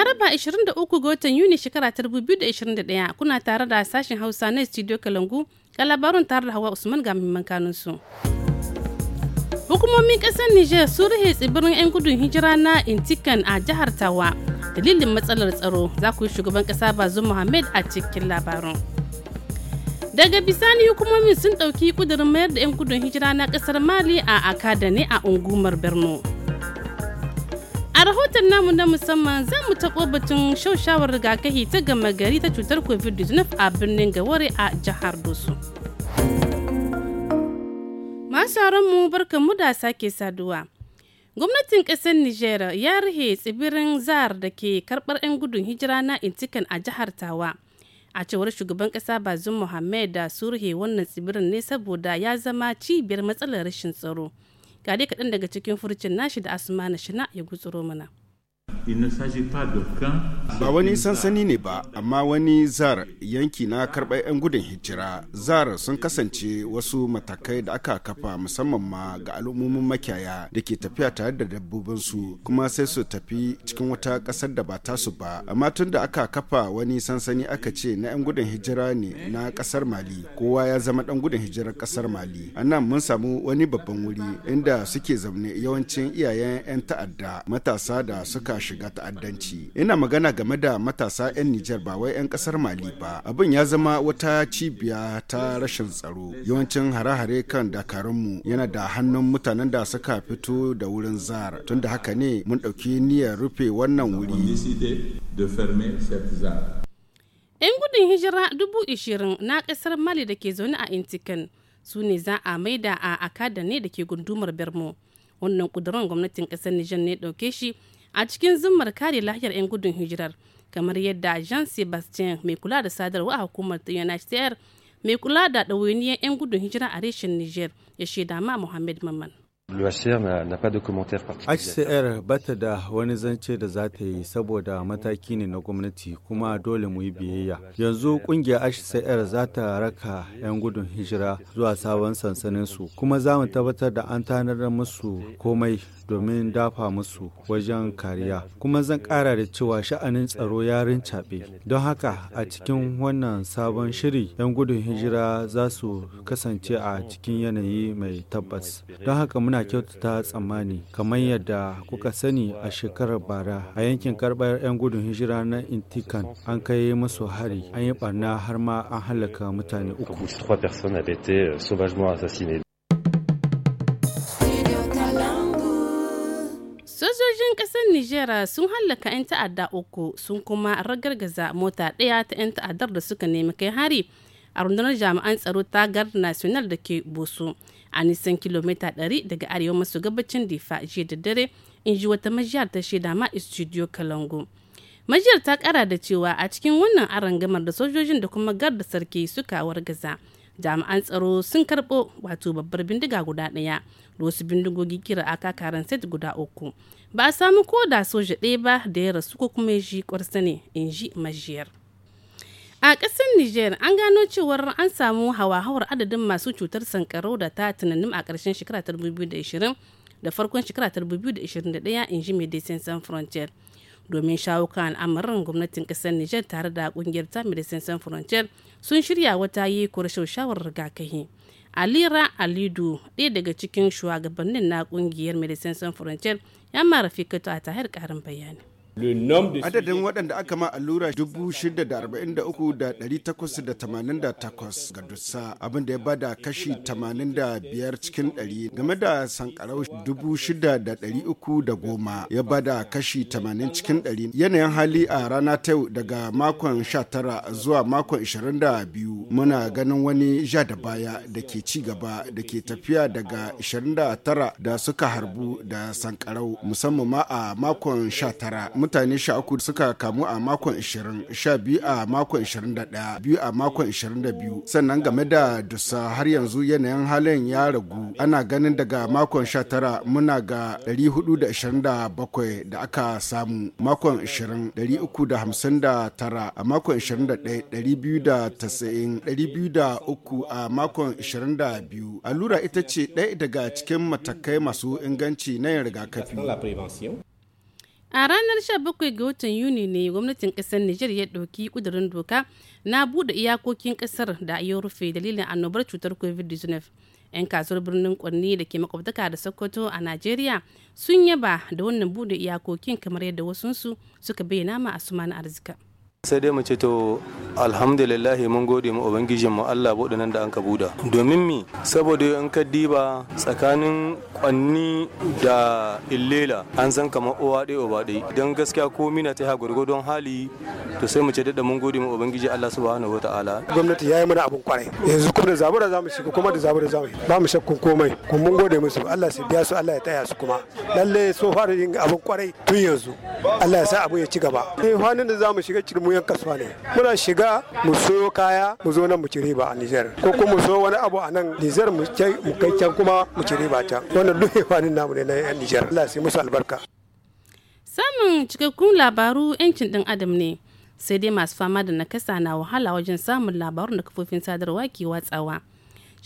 Laraba 23 ga watan Yuni shekara ta 2021 kuna tare da sashen Hausa na Studio Kalangu ga labarin tare da Hawa Usman ga muhimman su. Hukumomin ƙasar Niger sun rihe tsibirin 'yan gudun hijira na Intikan a jihar Tawa. Dalilin matsalar tsaro za ku yi shugaban ƙasa Bazoum Mohamed a cikin labarin. Daga bisani hukumomin sun ɗauki kudurin mayar da 'yan gudun hijira na kasar Mali a Akada ne a ungumar Borno. A rahoton namu na musamman za mu taɓo batun shaushawar rigakafi ta gama gari ta cutar COVID-19 a birnin Gawari a jihar Dosu. Masu mu barkan mu da sake saduwa. Gwamnatin kasar Nijar ya rihe tsibirin zar da ke karɓar 'yan gudun hijira na intikan a jihar Tawa. A cewar shugaban ƙasa bazin muhammad da su ruhe wannan tsibirin ne saboda ya zama cibiyar matsalar rashin tsaro. ga kaɗan daga cikin furcin nashi da asma na shina ya gutsuro mana Ba wani sansani ne ba, amma wani zar yanki na karɓar 'yan gudun hijira. Zar sun kasance wasu matakai da aka kafa musamman ma ga al'ummomin makiyaya da ke tafiya tare da dabbobinsu kuma sai su tafi cikin wata ƙasar da ba tasu ba. Amma tun da aka kafa wani sansani aka ce na 'yan gudun hijira ne na ƙasar Mali, kowa ya zama ɗan gudun hijirar ƙasar Mali. A mun samu wani babban wuri inda suke zaune yawancin iyayen 'yan ta'adda matasa da suka shiga ta'addanci ina magana game da matasa 'yan nijar ba wai 'yan kasar mali ba abin ya zama wata cibiya ta rashin tsaro yawancin hare-hare kan dakarunmu yana da hannun mutanen da suka fito da wurin zar tunda haka ne mun ɗauki niyyar rufe wannan wuri 'yan gudun hijira dubu ishirin na kasar mali da ke zaune a intikin su ne za a maida a akada ne da ke gundumar bermo wannan kudurin gwamnatin kasar nijar ne dauke shi a cikin zummar kare lahiyar 'yan gudun hijirar kamar yadda jean sebastien mai kula da sadarwa a hukumar air mai kula da ɗawainiyar 'yan gudun hijira a reshen niger ya shaida ma muhammad maman HCR ba ta da wani zance da za ta yi saboda mataki ne na gwamnati kuma dole mu yi biyayya. Yanzu kungiyar HCR za ta raka 'yan gudun hijira zuwa sabon sansaninsu kuma za mu tabbatar da an tanar musu komai domin dafa musu wajen kariya kuma zan kara da cewa sha'anin tsaro ya rincaɓe don haka a cikin wannan sabon shiri 'yan gudun hijira za su kasance a cikin yanayi mai tabbas don haka muna kyautata tsammani kamar yadda kuka sani a shekarar bara a yankin karɓar 'yan gudun hijira na intikan an kai musu hari an yi barna har ma an halaka mutane uku Nijera sun hallaka 'yan ta'adda uku sun kuma ragargaza mota ɗaya ta 'yan ta'addar da suka nemi kai hari a rundunar jami'an tsaro ta gard national da ke boso a nisan kilomita 100 daga arewa maso gabacin difa jiya da dare in ji wata majiyar ta shaida ma studio kalango majiyar ta kara da cewa a cikin wannan arangamar da sojojin da kuma gard da sarki suka wargaza jami'an tsaro sun karɓo wato babbar bindiga guda ɗaya da wasu bindigogi kira aka karan set guda uku ba a samu ko da soja ɗaya ba da ya rasu ko kuma ji kwarsa ne in ji majiyar a ƙasar niger an gano cewar an samu hawa-hawar adadin masu cutar sankarau da ta tunanin a ƙarshen shekara 2020 da farkon shekara 2021 in ji medecins sans frontier domin shawo kan al'amarin gwamnatin kasar Nijar tare da kungiyar ta Medicine Sans Frontier sun shirya wata yi kurashau shawar rigakafi. Alira Alidu, ɗaya daga cikin shugabannin na kungiyar Medicine Sans Frontier, ya mara fikata a tahir karin bayani. Adadin waɗanda aka ma allura 643,888 ga dussa abin da ya bada kashi 85 cikin 100 game da sankarau 6,310 ya bada kashi 80 cikin 100 yanayin hali a rana ta yau daga makon 19 zuwa makon 22 muna ganin wani ja da baya da ke ci gaba da ke tafiya daga 29 da suka harbu da sankarau musamman ma a makon 19 mutane sha uku suka kamu a makon 20 sha biyu a makon 21 biyu a makon 22 sannan game da dusa har yanzu yanayin halin ya ragu ana ganin daga makon 19 muna ga 427 da aka samu makon 20 359 a makon 21 293 a makon 22 allura ita ce ɗaya daga cikin matakai masu inganci na yin rigakafi A ranar 17 ga watan Yuni ne gwamnatin ƙasar Nijar ya ɗauki ƙudurin doka na buɗe iyakokin ƙasar da a ya rufe dalilin annobar cutar COVID-19. 'Yan kasuwar birnin Kwanni da ke makwabtaka da Sokoto a Najeriya sun yaba da wannan buɗe iyakokin kamar yadda wasunsu suka bayyana ma Asuman Arzika. sai dai mu ce to alhamdulillahi mun gode mu ubangijin mu Allah bude nan da an ka buda domin mi saboda in ka diba tsakanin kwanni da illela an san kamar uwa dai uba dai don gaskiya ko mina ta gwargwadon hali to sai mu ce da mun gode mu ubangiji Allah subhanahu wataala gwamnati yayi mana abun kwarai yanzu kuma da zabura zamu shiga kuma da zabura zamu ba mu shakkun komai kuma mun gode musu Allah sai biya su Allah ya taya su kuma lalle so fara yin abun kwarai tun yanzu Allah ya sa abu ya ci gaba eh hannun da zamu shiga cikin mu yan kasuwa ne muna shiga mu soyo kaya mu zo nan mu ci riba a Niger ko kuma mu so wani abu a nan Niger mu kai can kuma mu ci riba can wannan duk yawanin namu ne na a Niger Allah sai musu albarka samun cikakkun labaru yancin ɗin adam ne sai dai masu fama da nakasa na wahala wajen samun labarun da kafofin sadarwa ke watsawa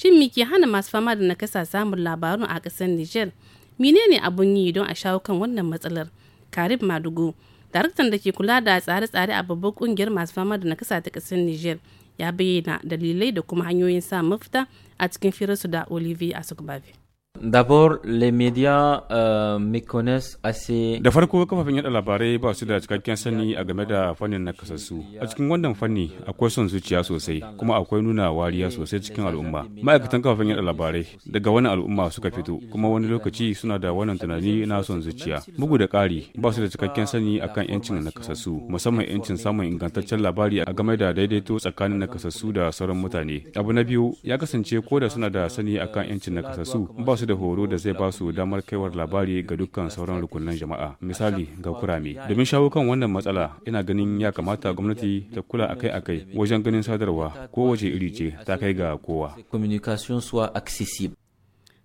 shin me ke hana masu fama da nakasa samun labarun a ƙasar niger menene abun yi don a shawo kan wannan matsalar karib madugo daraktan da ke kula da tsare-tsare a babbar kungiyar masu fama da nakasa ta kasar niger ya bayyana dalilai da kuma hanyoyin sa mafita a cikin firarsu da olivier asokbavi D'abord, les médias euh, me connaissent assez. Da farko kafafen yada labarai ba su da cikakken sani a game da fannin nakasassu. A cikin wannan fanni akwai son zuciya sosai kuma akwai nuna wariya sosai cikin al'umma. Ma'aikatan kafafen yada labarai daga wani al'umma suka fito kuma wani lokaci suna da wannan tunani na son zuciya. Bugu da ƙari ba su da cikakken sani akan yancin nakasassu musamman yancin samun ingantaccen labari a game da daidaito tsakanin nakasassu da sauran mutane. Abu na biyu ya kasance ko da suna da sani akan yancin nakasassu ba su su da horo da zai ba su damar kaiwar labari ga dukkan sauran rukunan jama'a misali ga kurame domin shawo kan wannan matsala ina ganin ya kamata gwamnati ta kula akai-akai wajen ganin sadarwa ko waje iri ce ta kai ga kowa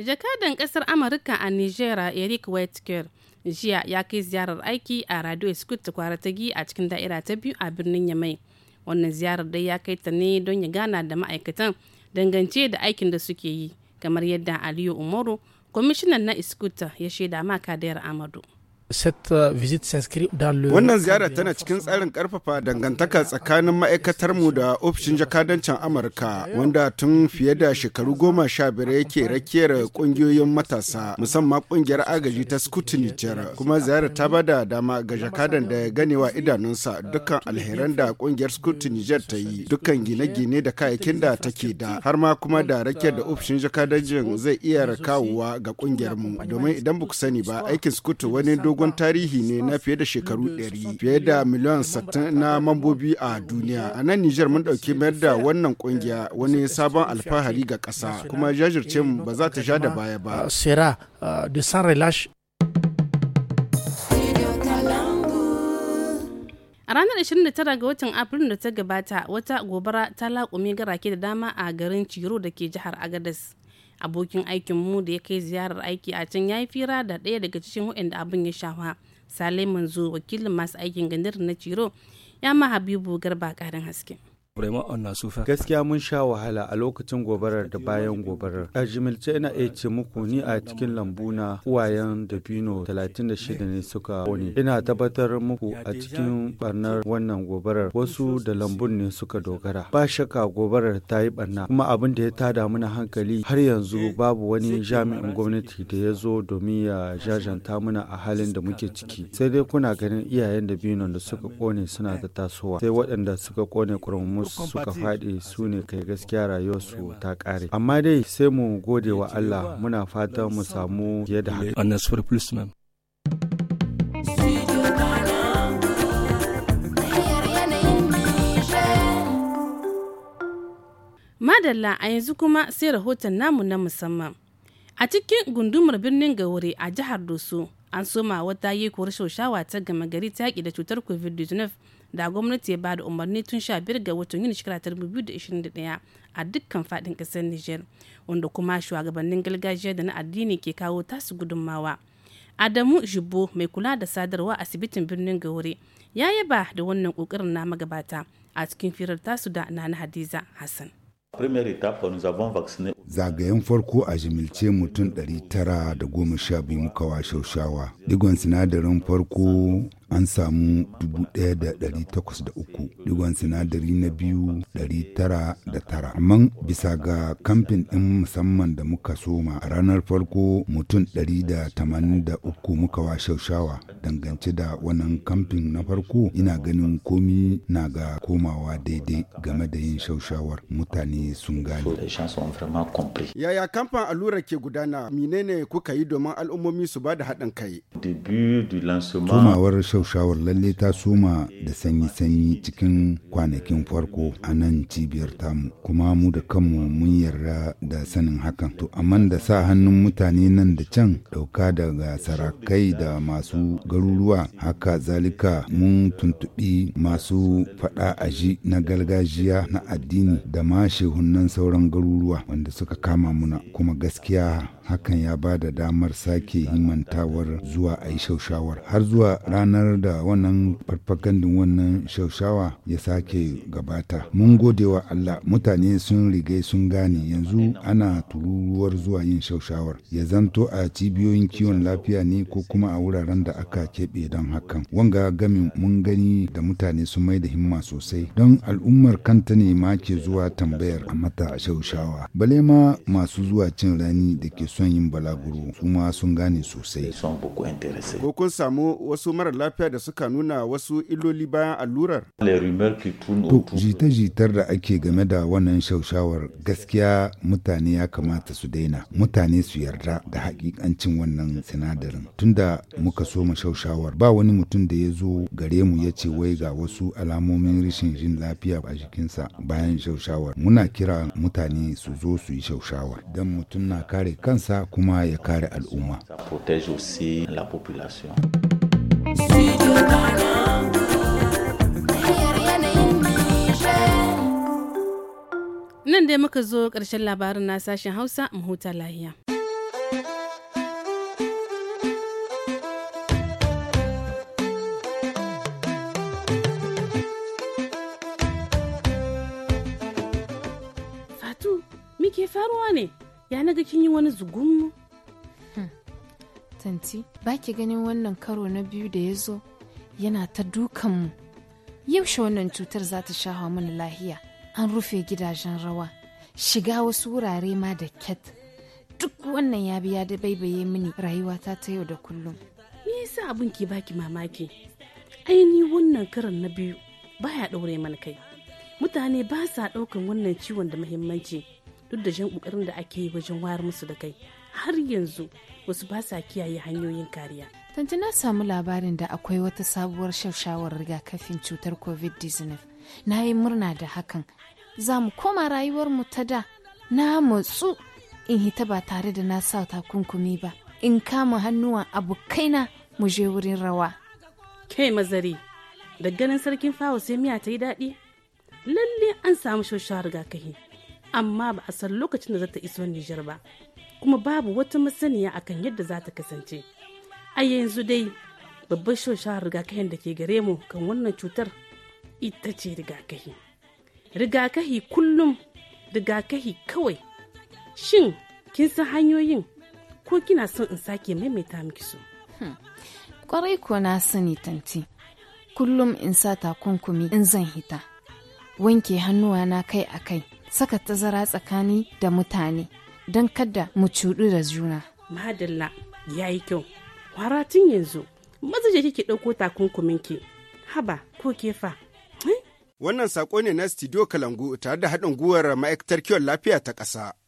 jakadan kasar amurka a nigeria eric whitaker jiya ya kai ziyarar aiki a radio scoot kwara ta gi a cikin da'ira ta biyu a birnin yamai wannan ziyarar dai ya kai ta ne don ya gana da ma'aikatan dangance da aikin da suke yi kamar yadda aliyu umaru kwamishinan na iskuta ya shaida maka dayar amadu cette uh, visite s'inscrit dans le Wannan ziyara tana cikin tsarin karfafa dangantaka tsakanin ma'aikatar mu da ofishin jakadancin Amurka wanda tun fiye da shekaru goma sha biyar yake rakiyar kungiyoyin matasa musamman kungiyar agaji ta Scout Niger kuma ziyara ta bada dama ga jakadan da ya ganewa idanunsa dukkan alheran da kungiyar Scout Niger ta yi dukkan gine-gine da kayakin da take da har ma kuma da rakiyar da ofishin jakadancin zai iya kawowa ga kungiyar mu domin idan ba ku sani ba aikin skutu wani dogon dogon tarihi ne na fiye da shekaru 100 fiye da miliyan 60 na mambobi a duniya a nan nijar mun dauki mayar da wannan kungiya wani sabon alfahari ga kasa kuma jajirce mu ba za ta sha da baya ba euh, euh, A ranar 29 ga watan Afrilu da ta gabata wata gobara ta laƙume garake da dama a garin Ciro da ke jihar Agadez. abokin aikin mu da ya kai ziyarar aiki a can ya yi fira da ɗaya daga cikin waɗanda abin ya shafa sale manzo wakilin masu aikin gandar na ciro ya ma habibu garba ƙarin hasken Gaskiya mun sha wahala a lokacin gobarar da bayan gobarar. A jimilce ina iya ce muku ni a cikin lambu na uwayen dabino 36 ne suka ƙone. Ina tabbatar muku a cikin barnar wannan gobarar wasu da lambun ne suka dogara. Ba shakka gobarar ta yi barna kuma abin da ya tada mana hankali har yanzu babu wani jami'in gwamnati da ya zo domin ya jajanta mana a halin da muke ciki. Sai dai kuna ganin iyayen dabino da suka ƙone suna da tasowa sai waɗanda suka kone kurmumus suka faɗi su ne kai gaskiya rayuwarsu ta kare. amma dai sai mu gode wa Allah muna fatan mu samu fiye da haka Madalla a yanzu kuma sai rahoton namu na musamman. A cikin gundumar birnin Gaure a jihar Doso, an soma wata yi kuwar ta gama gari ta da cutar COVID-19 da gwamnati ya ba da umarni tun sha biyar ga watan yuni shekara ta ɗaya a dukkan faɗin ƙasar niger wanda kuma shugabannin gargajiya da na addini ke kawo tasu gudummawa adamu jibbo mai kula da sadarwa asibitin birnin gaure ya yaba da wannan ƙoƙarin na magabata a cikin firar tasu da nana hadiza hassan Zagayen farko a jimilce mutum 912 muka washaushawa. Digon sinadarin farko an samu 1,803 digon sinadari na biyu 909 amma bisa ga kamfin ɗin musamman da muka soma a ranar farko mutum 183 muka wa shaushawa dangance da wannan kamfin na farko ina ganin komi na ga komawa daidai game da yin shaushawar mutane sun gane yaya kamfan alura ke gudana menene kuka yi domin al'ummomi su ba da haɗin kai komawar shaushawar lalle ta soma da sanyi-sanyi cikin kwanakin farko a nan cibiyar tamu kuma mu da kanmu mun yarda da sanin hakan to amma da sa hannun mutane nan da can dauka daga sarakai da masu garuruwa haka zalika mun tuntubi masu fada aji na gargajiya na addini da ma shehunan sauran garuruwa wanda suka kama muna kuma gaskiya hakan ya ba da damar sake himantawar zuwa a yi shaushawar har zuwa ranar gudanar da wannan farfagandun wannan shaushawa ya sake gabata mun gode wa allah mutane sun riga sun gane yanzu ana tururuwar zuwa yin shaushawar ya zanto a cibiyoyin kiwon lafiya ne ko kuma a wuraren da aka keɓe don hakan wanga gami mun gani da mutane sun mai da himma sosai don al'ummar kanta ne ma ke zuwa tambayar a mata shaushawa bale ma masu zuwa cin rani da ke son yin balaguro su ma sun gane sosai ko kun samu wasu mara lafiya lafiya da suka nuna wasu illoli bayan allurar? To, jita-jitar da ake game da wannan shaushawar gaskiya mutane ya kamata su daina, mutane su yarda da hakikancin wannan sinadarin. Tunda muka so mu shaushawar ba wani mutum da ya zo gare mu ya ce wai ga wasu alamomin rashin jin lafiya a jikinsa bayan shaushawar. Muna kira mutane su zo su yi shaushawar. don mutum na kare kansa kuma ya kare al'umma. la population. Nan dai muka zo ƙarshen labarin na sashen Hausa mu huta lahiya. Fatu, muke faruwa ne? Ya naga kin yi wani zugunmu? tanti ba ki ganin wannan karo na biyu da ya zo yana ta dukanmu yaushe wannan cutar za ta sha mana lahiya an rufe gidajen rawa shiga wasu wurare ma da ket duk wannan ya biya da baibaye mini rayuwata ta yau da kullum me yasa abin ke baki mamaki ainihin wannan karan na biyu baya ɗaure mana kai mutane ba sa ɗaukan wannan ciwon da muhimmanci duk da jan ƙoƙarin da ake yi wajen wayar musu da kai har yanzu wasu ba sa kiyaye hanyoyin kariya. Tanti na samu labarin da akwai wata sabuwar shawarar rigakafin cutar COVID-19. Na yi murna da hakan. Za mu koma mu ta da. Na matsu in hita ba tare da na sa takunkumi ba. In kama hannuwan abokaina mu je wurin rawa. Kai mazari, da ganin sarkin fawo sai miya ta yi daɗi? Lalle an samu shawarar rigakafi, amma ba a san lokacin da za ta iso Nijar ba. kuma babu wata masaniya akan yadda za ta kasance a yanzu dai babbar shoshar rigakahin da ke gare mu kan wannan cutar ita ce rigakahi rigakahi kullum rigakahi kawai shin kin san hanyoyin ko kina son in sake maimaita miki su hmm. kwarai ko na sani tanti kullum in sa takunkumi in zan hita wanke hannuwa na kai a kai saka tazara tsakani da mutane don kada mu cuɗu da juna. Madalla ya yi kyau. Kwara tun yanzu, mazaje kike ɗauko takunkuminki. Haba ko kefa. Wannan saƙo ne na Studio Kalangu tare da haɗin gwiwar ma'aikatar kiwon lafiya ta ƙasa.